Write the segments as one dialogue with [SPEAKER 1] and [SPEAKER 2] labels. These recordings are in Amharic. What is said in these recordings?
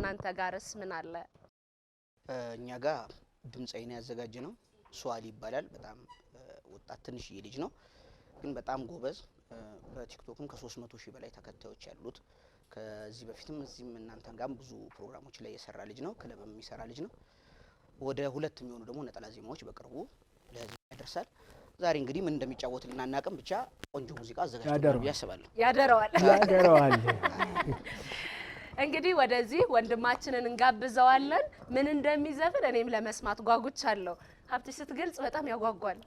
[SPEAKER 1] እናንተ ጋርስ ምን አለ?
[SPEAKER 2] እኛ ጋር ድምፃዊን ያዘጋጀ ነው ሷሊ ይባላል። በጣም ወጣት ትንሽዬ ልጅ ነው፣ ግን በጣም ጎበዝ በቲክቶክም ከ መቶ ሺህ በላይ ተከታዮች ያሉት ከዚህ በፊትም እዚህም እናንተ ጋርም ብዙ ፕሮግራሞች ላይ የሰራ ልጅ ነው። ክለብም የሚሰራ ልጅ ነው። ወደ ሁለት የሚሆኑ ደግሞ ነጠላ ዜማዎች በቅርቡ ለህዝብ ያደርሳል። ዛሬ እንግዲህ ምን እንደሚጫወት ልናናቅም ብቻ ቆንጆ ሙዚቃ አዘጋጅቶ ያስባለሁ
[SPEAKER 1] ያደረዋል
[SPEAKER 3] ያደረዋል
[SPEAKER 1] እንግዲህ ወደዚህ ወንድማችንን እንጋብዘዋለን። ምን እንደሚዘፍን እኔም ለመስማት ጓጉቻለሁ። ሀብት ስትገልጽ በጣም ያጓጓል።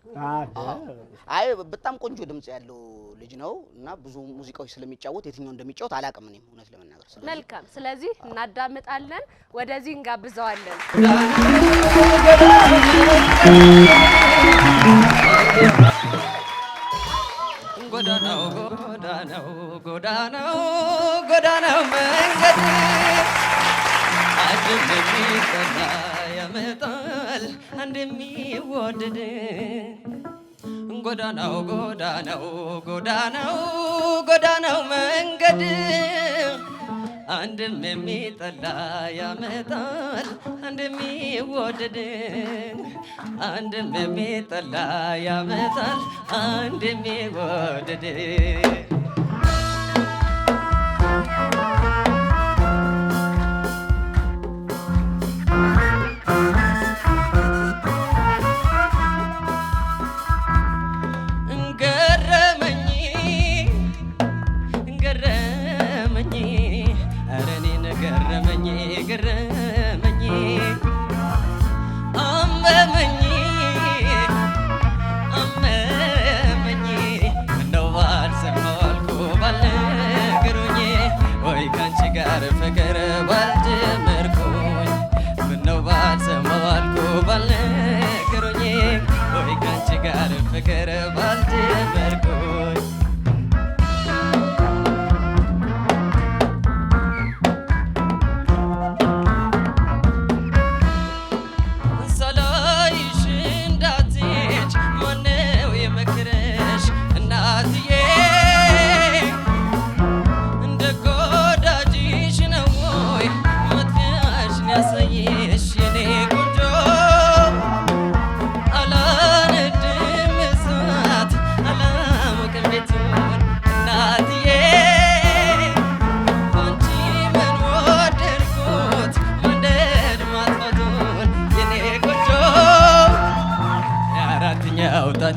[SPEAKER 2] አይ በጣም ቆንጆ ድምጽ ያለው ልጅ ነው እና ብዙ ሙዚቃዎች ስለሚጫወት የትኛው እንደሚጫወት አላውቅም እኔም እውነት ለመናገር።
[SPEAKER 1] መልካም፣ ስለዚህ እናዳምጣለን፣ ወደዚህ እንጋብዘዋለን። ጎዳናው ጎዳናው ጎዳናው ጎዳናው መንገድ አንድ የሚቀና ያመጣል አንድ የሚወደድ ጎዳናው ጎዳናው ጎዳናው ጎዳናው መንገድ አንድም የሚጠላ ያመጣል አንድም የሚወደድን አንድም የሚጠላ ያመጣል አንድም የሚወደድን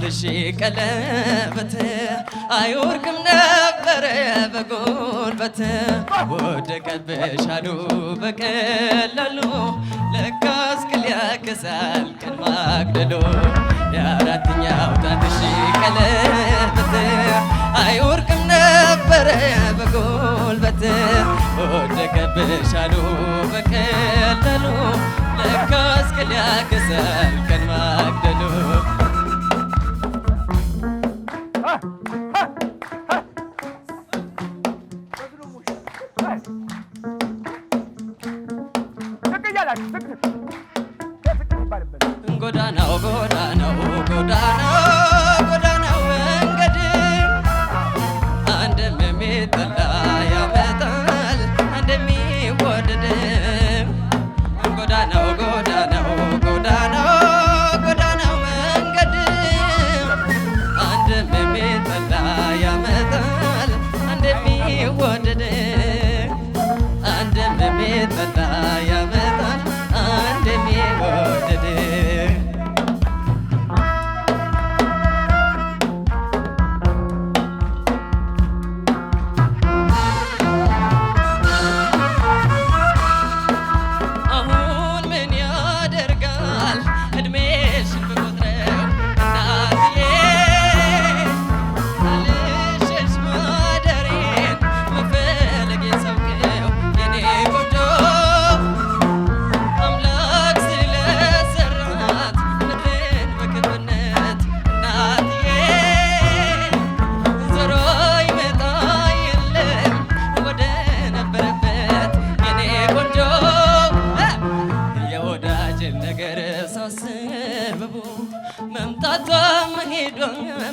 [SPEAKER 4] ልሽ ቀለበት አይወርቅም ነበረ በጎልበት ወደቀብሽ አሉ በቀላሉ ለካስ ቅል ያገሳል ቀን ማግደሎ የአራተኛው ጣትሽ ቀለበት አይወርቅም ነበረ በጎልበት ወደቀብሽ አሉ በቀላሉ ለካስ ቅል ያገሳል ቀን ማግደሎ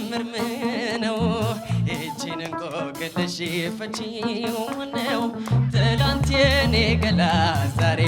[SPEAKER 4] ምርምነው እጅን እንቆቅልሽ ፈቺው ነው ትላንት የኔ ገላ ዛሬ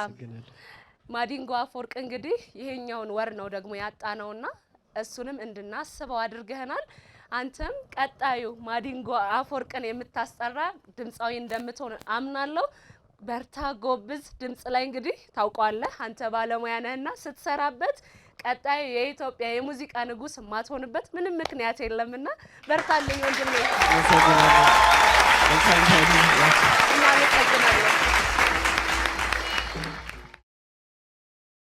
[SPEAKER 1] በጣም ማዲንጎ አፈወርቅ እንግዲህ ይሄኛውን ወር ነው ደግሞ ያጣ ነውና እሱንም እንድናስበው አድርገህናል። አንተም ቀጣዩ ማዲንጎ አፈወርቅን የምታስጠራ ድምፃዊ እንደምትሆን አምናለሁ። በርታ ጎብዝ። ድምጽ ላይ እንግዲህ ታውቋለህ፣ አንተ ባለሙያ ነህና ስትሰራበት ቀጣዩ የኢትዮጵያ የሙዚቃ ንጉስ የማትሆንበት ምንም ምክንያት የለምና በርታልኝ ወንድሜ።